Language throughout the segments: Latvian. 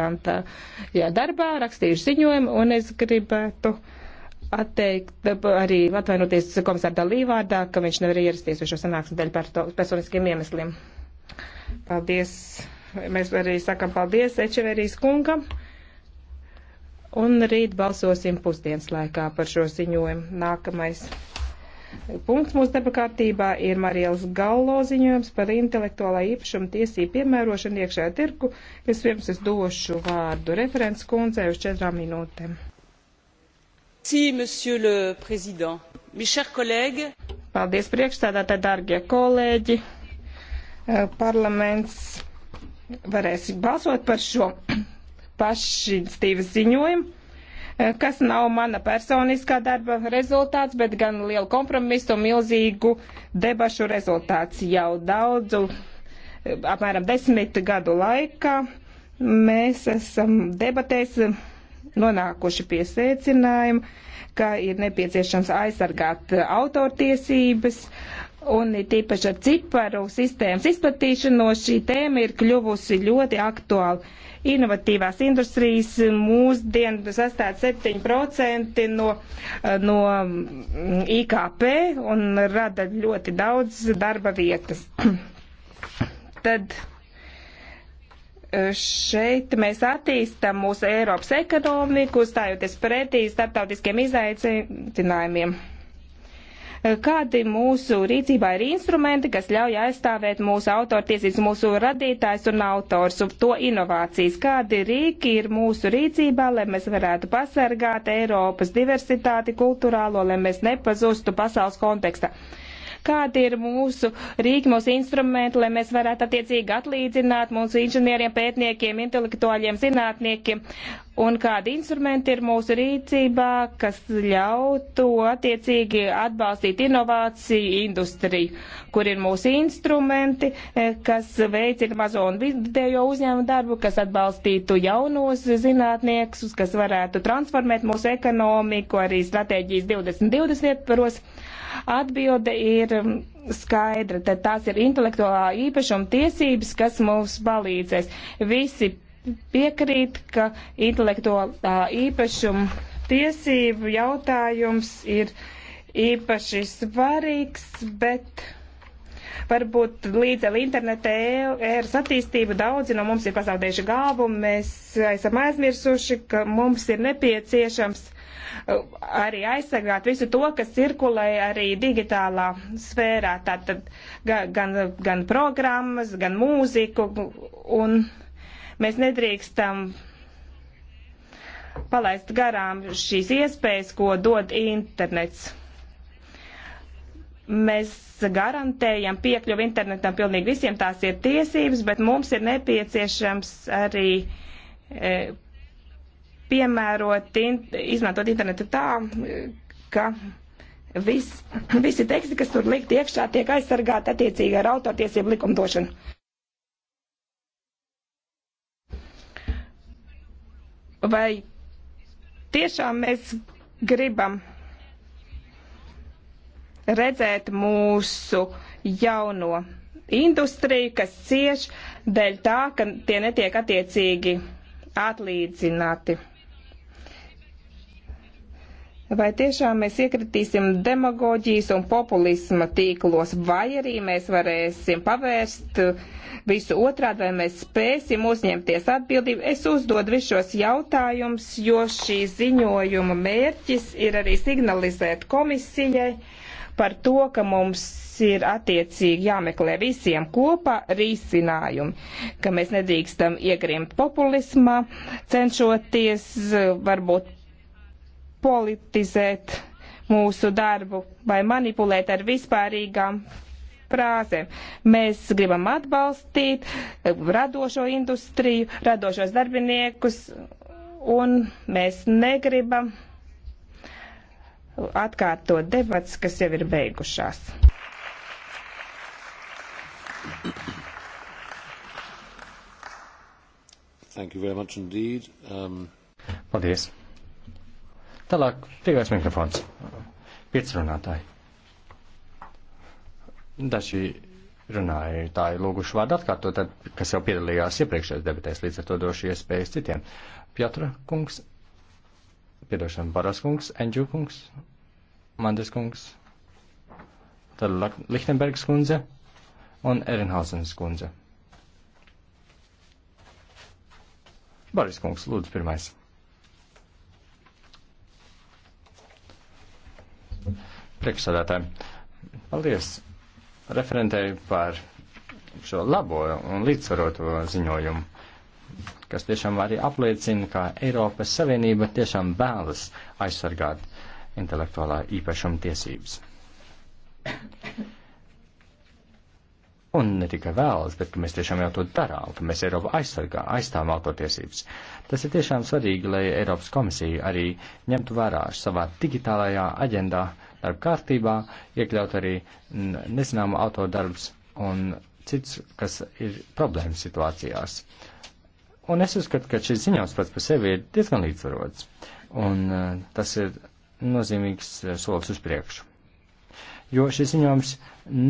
Grantā jā, darbā, rakstījuši ziņojumu, un es gribētu atteikt, arī atvainoties komisāra dalībvārdā, ka viņš nevar ierasties uz šo sanāksmu dēļ par to, personiskiem iemesliem. Paldies. Mēs arī sakam paldies Ečeverijas kungam. Un rīt balsosim pusdienas laikā par šo ziņojumu. Nākamais punkts mūsu darba kārtībā ir Marielas Gallo ziņojums par intelektuālā īpašuma tiesību piemērošanu iekšējā tirku. Vispirms es došu vārdu referents kundzei uz četrām minūtēm. Paldies priekšstādātāji, dargie kolēģi. Eh, parlaments varēs balsot par šo pašinstīvas ziņojumu kas nav mana personiskā darba rezultāts, bet gan lielu kompromisu un milzīgu debašu rezultāts jau daudzu, apmēram desmit gadu laikā. Mēs esam debatēs nonākuši pie secinājuma, ka ir nepieciešams aizsargāt autortiesības, un tīpaši ar ciparu sistēmas izplatīšanos šī tēma ir kļuvusi ļoti aktuāla. Inovatīvās industrijas mūsdien sastāv 7% no, no mm, IKP un rada ļoti daudz darba vietas. Tad eh, šeit mēs attīstam mūsu Eiropas ekonomiku, stājoties pretī starptautiskiem izaicinājumiem kādi mūsu rīcībā ir instrumenti, kas ļauj aizstāvēt mūsu autortiesības, mūsu radītājs un autors un to inovācijas, kādi rīki ir mūsu rīcībā, lai mēs varētu pasargāt Eiropas diversitāti kulturālo, lai mēs nepazustu pasaules kontekstā kādi ir mūsu rīki, mūsu instrumenti, lai mēs varētu attiecīgi atlīdzināt mūsu inženieriem, pētniekiem, intelektuāļiem, zinātniekiem un kādi instrumenti ir mūsu rīcībā, kas ļautu attiecīgi atbalstīt inovāciju industriju, kur ir mūsu instrumenti, eh, kas veicina mazo un vidējo uzņēmumu darbu, kas atbalstītu jaunos zinātniekus, kas varētu transformēt mūsu ekonomiku arī stratēģijas 2020 ietvaros. Atbilde ir mm, skaidra, tad tās ir intelektuālā īpašuma tiesības, kas mums palīdzēs. Visi piekrīt, ka intelektuālā īpašuma tiesību jautājums ir īpaši svarīgs, bet varbūt līdz ar interneta ēras attīstību daudzi no mums ir pazaudējuši galvu, mēs esam aizmirsuši, ka mums ir nepieciešams arī aizsargāt visu to, kas cirkulē arī digitālā sfērā, tātad gan, gan, gan programmas, gan mūziku un Mēs nedrīkstam palaist garām šīs iespējas, ko dod internets. Mēs garantējam piekļuvu internetam pilnīgi visiem, tās ir tiesības, bet mums ir nepieciešams arī e, piemērot, in, izmantot internetu tā, ka vis, visi teksti, kas tur likt iekšā, tiek aizsargāti attiecīgi ar autortiesību likumdošanu. vai tiešām mēs gribam redzēt mūsu jauno industriju, kas cieš dēļ tā, ka tie netiek attiecīgi atlīdzināti. Vai tiešām mēs iekritīsim demagoģijas un populisma tīklos, vai arī mēs varēsim pavērst visu otrādi, vai mēs spēsim uzņemties atbildību? Es uzdodu visos jautājumus, jo šī ziņojuma mērķis ir arī signalizēt komisijai par to, ka mums ir attiecīgi jāmeklē visiem kopā risinājumi, ka mēs nedrīkstam iegrimt populismā, cenšoties varbūt politizēt mūsu darbu vai manipulēt ar vispārīgām frāzēm. Mēs gribam atbalstīt radošo industriju, radošos darbiniekus, un mēs negribam atkārtot debats, kas jau ir beigušās. Thank you very much indeed. Um... Paldies. Tālāk, brīvais mikrofons. Pieci runātāji. Daži runāja, tā ir lūguši vārdu atkārtot, tad, kas jau piedalījās iepriekšējās debatēs, līdz ar to došu iespējas citiem. Pjatra kungs, piedošana Baras kungs, Endžu kungs, Mandes kungs, tad Lichtenbergs kundze un Erinhausens kundze. Baris kungs, lūdzu, pirmais. priekšsādātāji. Paldies referentēju par šo labo un līdzsvaroto ziņojumu, kas tiešām arī apliecina, ka Eiropas Savienība tiešām vēlas aizsargāt intelektuālā īpašuma tiesības. Un ne tikai vēlas, bet ka mēs tiešām jau to darām, ka mēs Eiropu aizsargā, aizstāvam autortiesības. Tas ir tiešām svarīgi, lai Eiropas komisija arī ņemtu vērā savā digitālajā aģendā uh, darba kārtībā, iekļaut arī nezināmu autoru darbus un cits, kas ir problēmas situācijās. Un es uzskatu, ka šis ziņojums pats par sevi ir diezgan līdzsvarots, un e, tas ir nozīmīgs e, solis uz priekšu. Jo šis ziņojums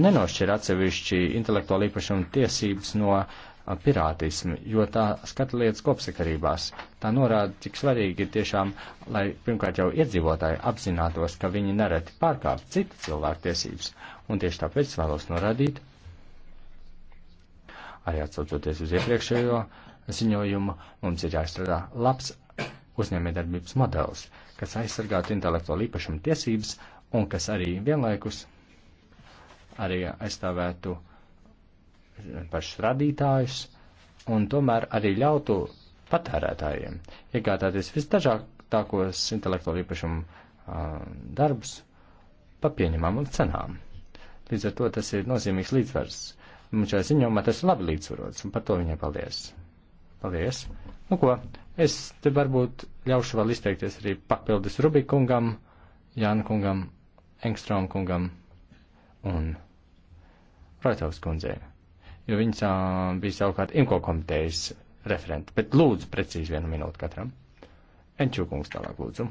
nenošķir atsevišķi intelektuāla īpašuma tiesības no uh, pirātismu, jo tā skata lietas kopsakarībās. Tā norāda, cik svarīgi ir tiešām, lai pirmkārt jau iedzīvotāji apzinātos, ka viņi nereti pārkāp citu cilvēku tiesības. Un tieši tāpēc vēlos norādīt, arī atsaucoties uz iepriekšējo ziņojumu, mums ir jāizstrādā labs uzņēmējdarbības modelis, kas aizsargātu intelektuālu īpašumu tiesības un kas arī vienlaikus arī aizstāvētu uh, pašus radītājus un tomēr arī ļautu patērētājiem iegādāties visdažādākos intelektuālu īpašumu uh, darbus pa pieņemamām cenām. Līdz ar to tas ir nozīmīgs līdzsvars. Mums šajā ziņojumā tas ir labi līdzsvarots, un par to viņai paldies. Paldies! Nu ko, es te varbūt ļaušu vēl izteikties arī papildus Rubikungam, Jāna kungam, Engstrom kungam un Roitovs kundzei jo viņas uh, bija savukārt IMCO komitejas referenti. Bet lūdzu, precīzi vienu minūtu katram. Enčūkungs tālāk lūdzu.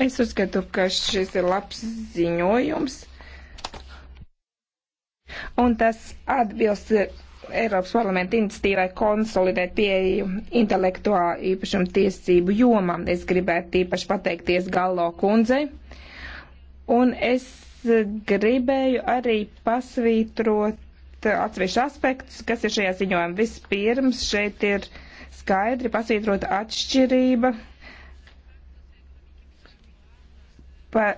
Es uzskatu, ka šis ir labs ziņojums, un tas atbilst Eiropas parlamenta iniciatīvai konsolidēt pieeju intelektuālā īpašuma tiesību jomā. Es gribētu īpaši pateikties Gallo kundzei. Un es gribēju arī pasvītrot atsevišķu aspektus, kas ir šajā ziņojumā. Vispirms šeit ir skaidri pasvītrota atšķirība pa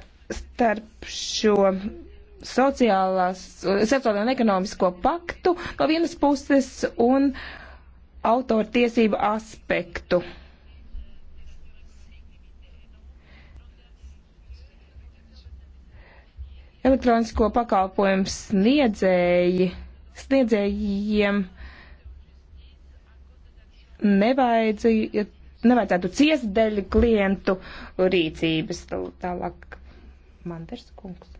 starp šo sociālās, sociālo un ekonomisko paktu no vienas puses un autortiesību aspektu. Elektronisko pakalpojumu sniedzēji, sniedzējiem nevajadzētu, nevajadzētu ciest dēļ klientu rīcības. Tālāk Manders kungs.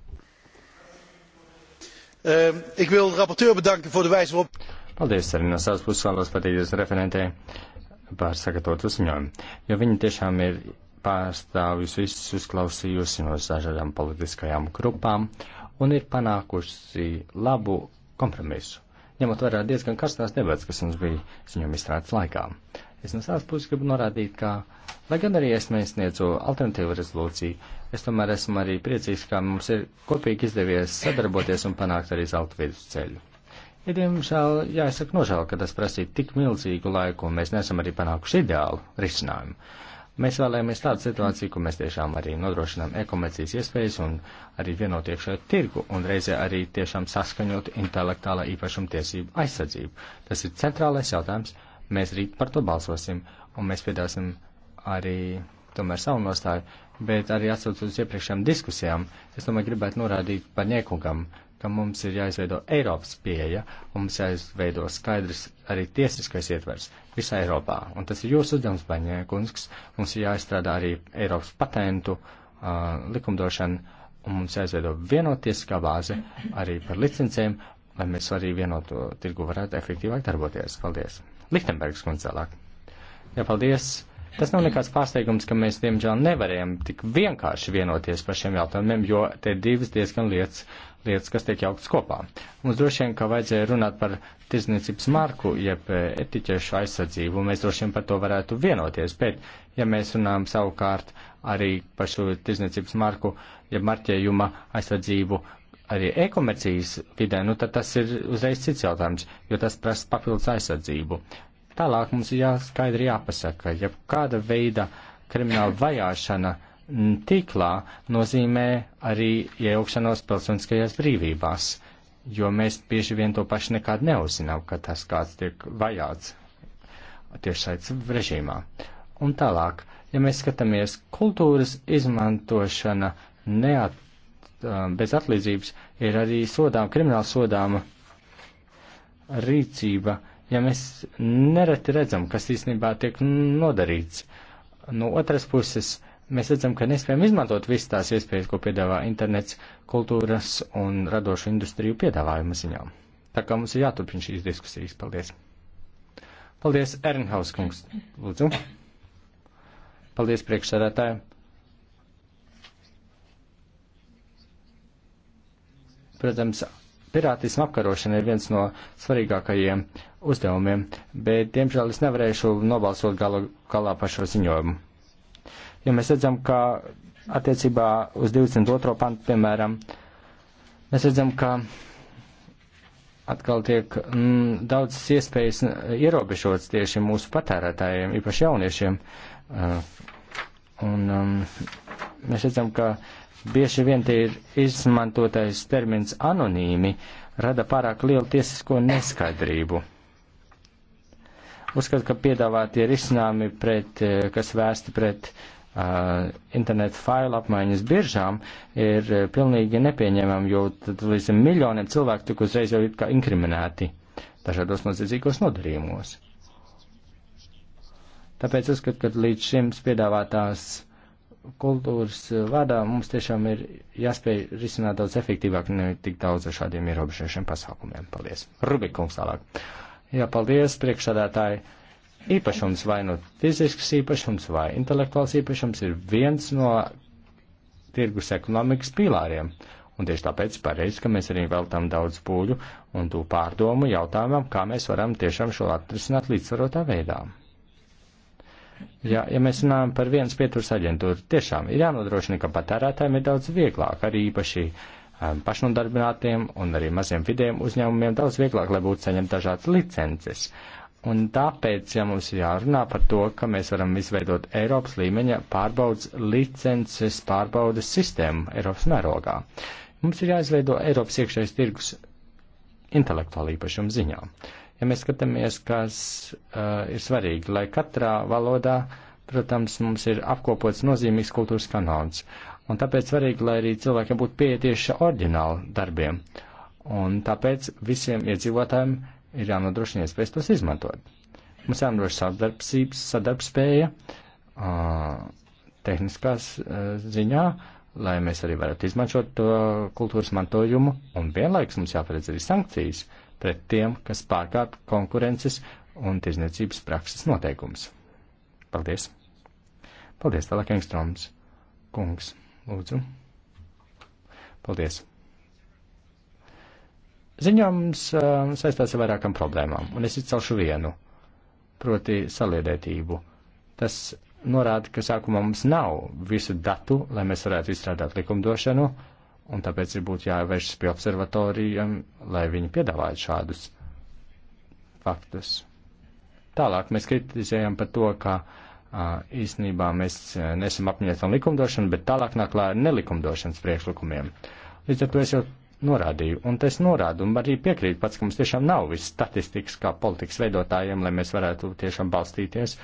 Ehm, ik wil de rapporteur bedanken voor de wijze waarop. Paldies arī no savas puses vēlos pateikties referentē par sagatavotu ziņojumu, jo viņi tiešām ir pārstāvjusi visus uzklausījusi no dažādām politiskajām grupām un ir panākusi labu kompromisu, ņemot vērā diezgan karstās debats, kas mums bija ziņojuma izstrādes laikā. Es no savas puses gribu norādīt, ka, lai gan arī es nesniedzu alternatīvu rezolūciju, Es tomēr esmu arī priecīgs, ka mums ir kopīgi izdevies sadarboties un panākt arī zelta vidusceļu. Ir, diemžēl, jāsaka nožēl, ka tas prasīja tik milzīgu laiku, un mēs nesam arī panākuši ideālu risinājumu. Mēs vēlējāmies tādu situāciju, kur mēs tiešām arī nodrošinām ekomercijas iespējas un arī vienotu iekšējo tirgu un reizē arī tiešām saskaņotu intelektuālā īpašuma tiesību aizsardzību. Tas ir centrālais jautājums. Mēs rīt par to balsosim un mēs piedāsim arī tomēr savu nostāju, bet arī atsaucot uz iepriekšējām diskusijām, es tomēr gribētu norādīt par niekungam, ka mums ir jāizveido Eiropas pieeja, un mums jāizveido skaidrs arī tiesiskais ietvers visā Eiropā. Un tas ir jūsu uzdevums, Baņēkunsks, mums ir jāizstrādā arī Eiropas patentu uh, likumdošana, un mums jāizveido vienotieskā bāze arī par licencēm, lai mēs arī vienoto tirgu varētu efektīvāk darboties. Paldies! Lichtenbergs kundze tālāk. Jā, paldies! Tas nav nekāds pārsteigums, ka mēs, diemžēl, nevarējam tik vienkārši vienoties par šiem jautājumiem, jo te ir divas diezgan lietas, lietas kas tiek jauktas kopā. Mums droši vien, ka vajadzēja runāt par tirzniecības marku, jeb eh, etiķešu aizsardzību, un mēs droši vien par to varētu vienoties, bet, ja mēs runājam savukārt arī par šo tirzniecības marku, jeb marķējuma aizsardzību, arī e-komercijas vidē, nu tad tas ir uzreiz cits jautājums, jo tas prasa papildus aizsardzību. Tālāk mums jāskaidri jāpasaka, ja kāda veida krimināla vajāšana tīklā nozīmē arī iejaukšanos pilsoniskajās brīvībās, jo mēs bieži vien to paši nekad neuzinām, ka tas kāds tiek vajāts tiešsaits režīmā. Un tālāk, ja mēs skatāmies kultūras izmantošana neat, um, bez atlīdzības, ir arī sodām, krimināla sodāma rīcība ja mēs nereti redzam, kas īstenībā tiek nodarīts. No otras puses, mēs redzam, ka nespējam izmantot visas tās iespējas, ko piedāvā internets, kultūras un radošu industriju piedāvājuma ziņā. Tā kā mums ir jāturpina šīs diskusijas. Paldies! Paldies, Ernhaus kungs, lūdzu! Paldies, priekšsēdētāji! Protams, Pirātismu apkarošana ir viens no svarīgākajiem uzdevumiem, bet, diemžēl, es nevarēšu nobalsot galu, galā par šo ziņojumu. Jo mēs redzam, ka attiecībā uz 22. pantu, piemēram, mēs redzam, ka atkal tiek mm, daudzas iespējas ierobežotas tieši mūsu patērētājiem, īpaši jauniešiem. Uh, un um, mēs redzam, ka uh, Bieži vien tie ir izmantotais termins anonīmi, rada pārāk lielu tiesisko neskaidrību. Uzskatu, ka piedāvātie risinājumi, pret, eh, kas vērsti pret uh, internetu failu apmaiņas biržām, ir eh, pilnīgi nepieņemami, jo tad līdz miljoniem cilvēku tik uzreiz jau ir kā inkriminēti dažādos noziedzīgos nodarījumos. Tāpēc uzskatu, ka līdz šim piedāvātās kultūras eh, vārdā mums tiešām ir jāspēj risināt daudz efektīvāk, ne tik daudz ar šādiem ierobežojušiem pasākumiem. Paldies. Rubikungs tālāk. Jā, paldies, priekšsādātāji. Īpašums vai nu no fizisks īpašums vai intelektuāls īpašums ir viens no tirgus ekonomikas pīlāriem. Un tieši tāpēc pareizi, ka mēs arī veltam daudz pūļu un tū pārdomu jautājumam, kā mēs varam tiešām šo atrisināt līdzsvarotā veidā. Ja, ja mēs runājam par vienas pieturas aģentūru, tiešām ir jānodrošina, ka patērētājiem ir daudz vieglāk, arī īpaši um, pašnodarbinātiem un arī maziem vidiem uzņēmumiem daudz vieglāk, lai būtu saņemt dažādas licences. Un tāpēc, ja mums ir jārunā par to, ka mēs varam izveidot Eiropas līmeņa pārbaudas licences pārbaudas sistēmu Eiropas mērogā, mums ir jāizveido Eiropas iekšējais tirgus intelektuāla īpašuma ziņā. Uh, Ja mēs skatāmies, kas uh, ir svarīgi, lai katrā valodā, protams, mums ir apkopots nozīmīgs kultūras kanons. Un tāpēc svarīgi, lai arī cilvēkiem būtu pieeja tieši oriģināli darbiem. Un tāpēc visiem iedzīvotājiem ir jānodrošina iespējas tos izmantot. Mums jānodrošina sadarbspēja uh, tehniskās uh, ziņā, lai mēs arī varētu izmantot to kultūras mantojumu, un vienlaiks mums jāparedz arī sankcijas. Uh, pret tiem, kas pārkāp konkurences un tirzniecības prakses noteikumus. Paldies! Paldies, tālāk Engstroms. Kungs, lūdzu. Paldies. Ziņojums uh, saistās ar vairākam problēmām, un es izcelšu vienu, proti saliedētību. Tas norāda, ka sākumā mums nav visu datu, lai mēs varētu izstrādāt likumdošanu, uh, un tāpēc ir būtu jāvēršas pie observatorijiem, lai viņi piedāvātu šādus faktus. Tālāk mēs kritizējam par to, ka uh, īstenībā mēs nesam apmierināti ar likumdošanu, bet tālāk nāk klāt nelikumdošanas priekšlikumiem. Līdz ar to es jau norādīju, un es norādu, un arī piekrītu pats, ka mums tiešām nav viss statistikas kā politikas veidotājiem, lai mēs varētu tiešām balstīties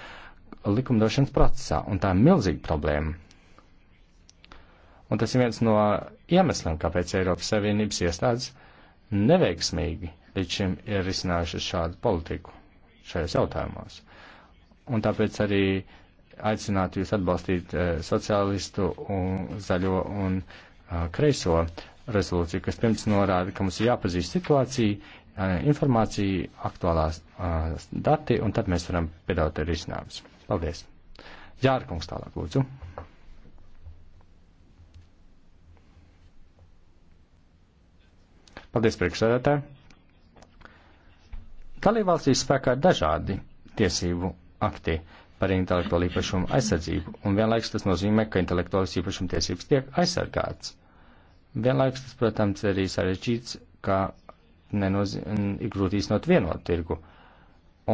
likumdošanas procesā, un tā ir milzīga problēma. Un tas ir viens no iemesliem, kāpēc Eiropas Savienības iestādes neveiksmīgi līdz šim ir risinājušas šādu politiku šajos jautājumos. Un tāpēc arī aicinātu jūs atbalstīt e, sociālistu un zaļo un e, kreiso rezolūciju, kas pirms norāda, ka mums ir jāpazīst situāciju, e, eh, informācija, aktuālās e, dati, un tad mēs varam piedāvāt arī risinājumus. Paldies! Jārkungs tālāk, lūdzu. Paldies, priekšsēdētāji. Dalībvalstīs spēkā ir dažādi tiesību akti par intelektuālu īpašumu aizsardzību, un vienlaiks tas nozīmē, ka intelektuālas īpašuma tiesības tiek aizsargāts. Vienlaiks tas, protams, ir arī sarežģīts, ka nenoz... ir grūti īstenot vienotu tirgu,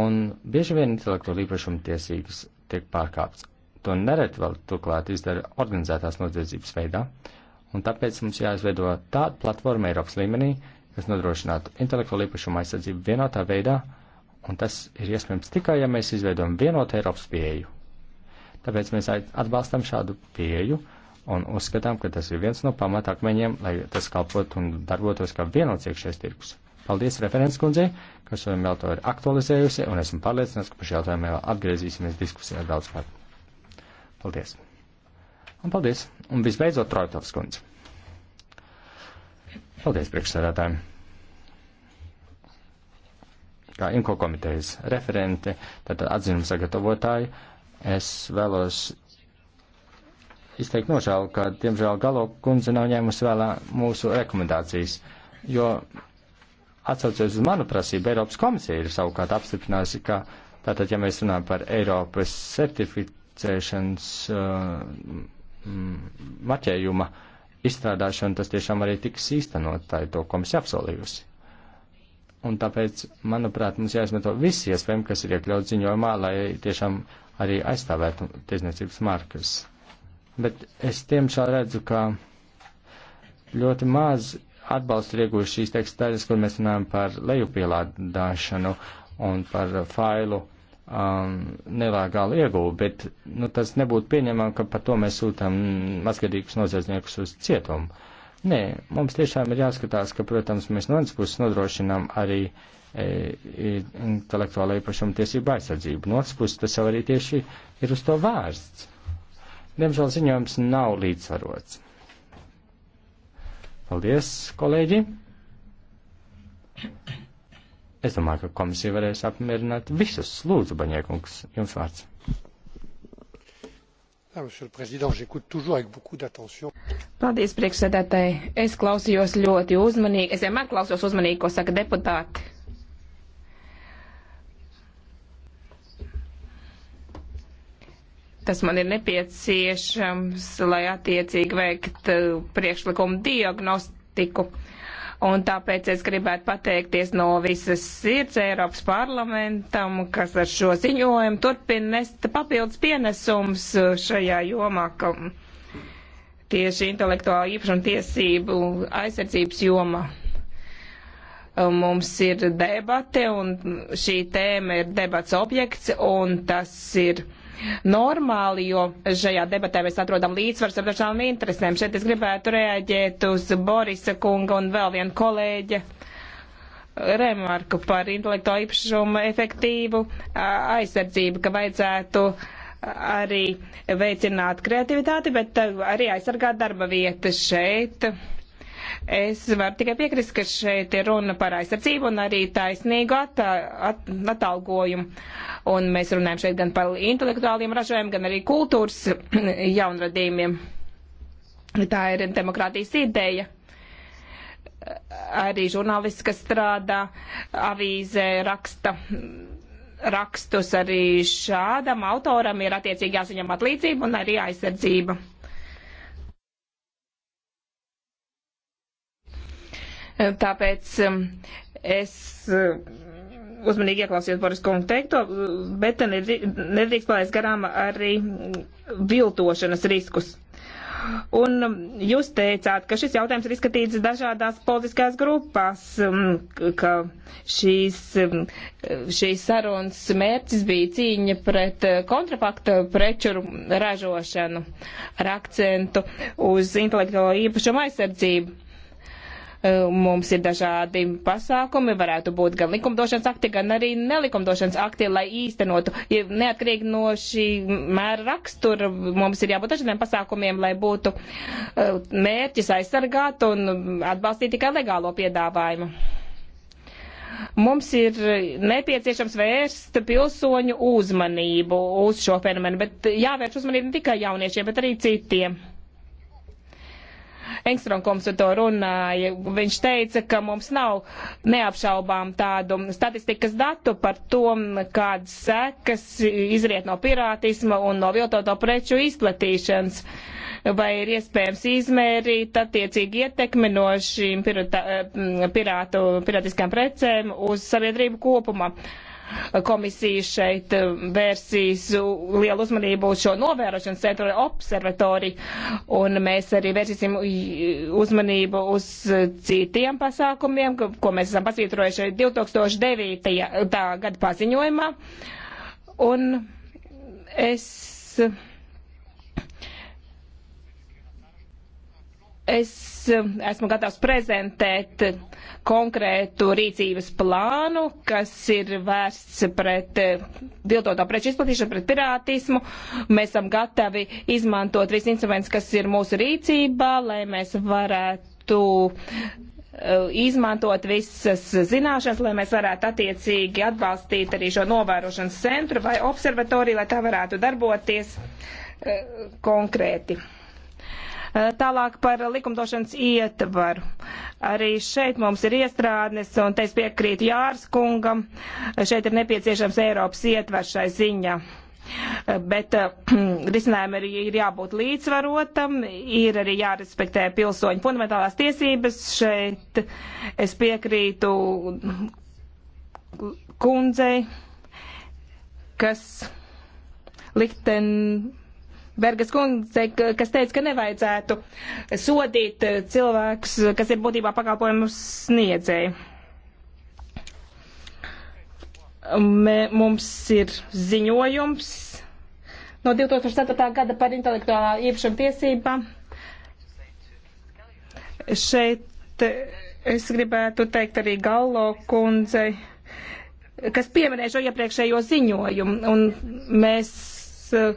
un bieži vien intelektuāla īpašuma tiesības tiek pārkāpts. To nereti vēl turklāt izdara organizētās noziedzības veidā. Uh, Un tāpēc mums jāizveido tāda platforma Eiropas līmenī, kas nodrošinātu intelektuālo īpašumu aizsardzību vienotā veidā, un tas ir iespējams tikai, ja mēs izveidojam vienotu Eiropas pieeju. Tāpēc mēs atbalstam šādu pieeju un uzskatām, ka tas ir viens no pamatakmeņiem, lai tas kalpot un darbotos kā vienots iekšējais tirgus. Paldies referents kundzei, kas vēl to ir aktualizējusi, un esmu pārliecināts, ka par šo jautājumu vēl atgriezīsimies diskusijā daudz kārt. Paldies! Un paldies. Un visbeidzot, Trojtovs kundze. Paldies priekšsēdētājiem. Kā IMCO komitejas referente, tātad atzinuma sagatavotāji, es vēlos izteikt nožēlu, ka, diemžēl, Galo kundze nav ņēmusi vēlā mūsu rekomendācijas, jo atsaucoties uz manu prasību, Eiropas komisija ir savukārt apstiprinājusi, ka tātad, ja mēs runājam par Eiropas certifikācijas, certificēšanas uh, marķējuma izstrādāšanu, tas tiešām arī tiks īstenot, tā ir to komisija apsolījusi. Un tāpēc, manuprāt, mums jāizmanto visi iespējami, kas ir iekļauts ziņojumā, lai tiešām arī aizstāvētu tiesniecības markas. Bet es tiemžēl redzu, ka ļoti maz atbalstu ir ieguvuši šīs teksta daļas, kur mēs runājam par lejupielādāšanu un par failu um, nelegāli iegūvi, bet nu, tas nebūtu pieņemami, ka par to mēs sūtām mazgadīgus noziedzniekus uz cietumu. Nē, mums tiešām ir jāskatās, ka, protams, mēs no vienas puses nodrošinām arī e, intelektuālo īpašumu tiesību aizsardzību. No otras puses tas jau arī tieši ir uz to vērsts. Diemžēl ziņojums nav līdzsvarots. Paldies, kolēģi! Thank you. Es domāju, ka komisija varēs apmierināt visus. Lūdzu, Baņiekungs, jums vārds. Ah, Paldies, priekšsēdētāji. Es klausījos ļoti uzmanīgi. Es vienmēr klausos uzmanīgi, ko saka deputāti. Tas man ir nepieciešams, lai attiecīgi veikt eh, priekšlikumu diagnostiku. Uh, Un tāpēc es gribētu pateikties no visas sirds Eiropas parlamentam, kas ar šo ziņojumu turpina nest papildus pienesums šajā jomā, ka tieši intelektuāla īpašuma tiesību aizsardzības jomā. Mums ir debate, un šī tēma ir debats objekts, un tas ir normāli, jo šajā debatē mēs atrodam līdzsvars ar dažām interesēm. Šeit es gribētu reaģēt uz Borisa kunga un vēl vienu kolēģi remarku par intelektuālo īpašumu efektīvu aizsardzību, ka vajadzētu arī veicināt kreativitāti, bet arī aizsargāt darba vietas šeit Es varu tikai piekrist, ka šeit ir runa par aizsardzību un arī taisnīgu atā, at, atalgojumu. Un mēs runājam šeit gan par intelektuāliem ražojumiem, gan arī kultūras jaunradījumiem. Tā ir demokrātijas ideja arī žurnālisti, kas strādā avīzē, raksta rakstus, arī šādam autoram ir attiecīgi jāsaņem atlīdzība un arī aizsardzība. Tāpēc um, es uh, uzmanīgi ieklausījos Boris kungu teikto, bet nedrīkst palaist garām arī viltošanas riskus. Un um, jūs teicāt, ka šis jautājums ir izskatīts dažādās politiskās grupās, um, ka šīs, šīs sarunas mērķis bija cīņa pret uh, kontrafaktu preču ražošanu ar akcentu uz intelektuālo īpašumu aizsardzību. E, mums ir dažādi pasākumi, varētu būt gan likumdošanas akti, gan arī nelikumdošanas akti, lai īstenotu. Ja neatkarīgi no šī mēra rakstura, mums ir jābūt dažādiem pasākumiem, lai būtu e, mērķis aizsargāt un atbalstīt tikai legālo piedāvājumu. Mums ir nepieciešams vērst pilsoņu uzmanību uz šo fenomenu, bet jāvērš uzmanību ne tikai jauniešiem, bet arī citiem Engstronkoms ar to runāja. Viņš teica, ka mums nav neapšaubām tādu statistikas datu par to, kādas sekas izriet no pirātisma un no viltoto preču izplatīšanas. Vai ir iespējams izmērīt attiecīgi ietekmi no šīm pirātu, pirātiskām precēm uz sabiedrību kopumā? Uh, komisija šeit eh, vērsīs lielu uzmanību uz šo novērošanas centru observatoriju, un mēs arī vērsīsim uzmanību uz eh, citiem pasākumiem, ko mēs esam pasvītrojuši 2009. gada paziņojumā. Un es Es um, esmu gatavs prezentēt konkrētu rīcības plānu, kas ir vērsts pret uh, viltotā preču izplatīšanu, pret pirātismu. Mēs esam gatavi izmantot visus instrumentus, kas ir mūsu rīcībā, lai mēs varētu uh, izmantot visas zināšanas, lai mēs varētu attiecīgi atbalstīt arī šo novērošanas centru vai observatoriju, lai tā varētu darboties uh, konkrēti. Tālāk par likumdošanas ietvaru. Arī šeit mums ir iestrādnes, un te es piekrītu Jārs kungam, šeit ir nepieciešams Eiropas ietvers šai ziņā. Bet eh, risinājumam ir, ir jābūt līdzsvarotam, ir arī jārespektē pilsoņu fundamentālās tiesības. Šeit es piekrītu kundzei, kas likten Bergas kundze, kas teica, ka nevajadzētu sodīt eh, cilvēkus, kas ir būtībā pakalpojumu sniedzēji. Mums ir ziņojums no 2004. gada par intelektuālā īpašuma tiesībām. Šeit eh, es gribētu teikt arī Gallo kundzei, kas pieminēja šo iepriekšējo ziņojumu, un mēs uh,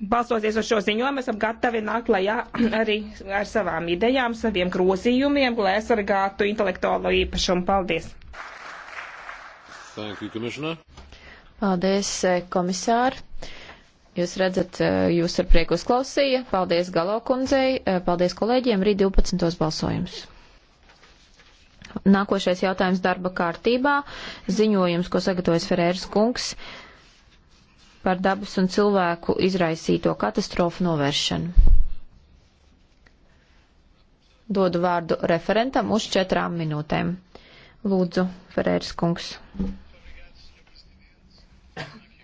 balstoties uz šo ziņojumu, esam gatavi nākt lajā arī ar savām idejām, saviem grozījumiem, lai aizsargātu intelektuālo īpašumu. Paldies! Thank you, Paldies, eh, komisāri! Jūs redzat, eh, jūs ar prieku uzklausīja. Paldies Galo kundzei, eh, paldies kolēģiem, rīt 12. balsojums. Nākošais jautājums darba kārtībā. Ziņojums, ko sagatavojas Ferēras kungs par dabas un cilvēku izraisīto katastrofu novēršanu. Dodu vārdu referentam uz četrām minūtēm. Lūdzu, Ferērs kungs.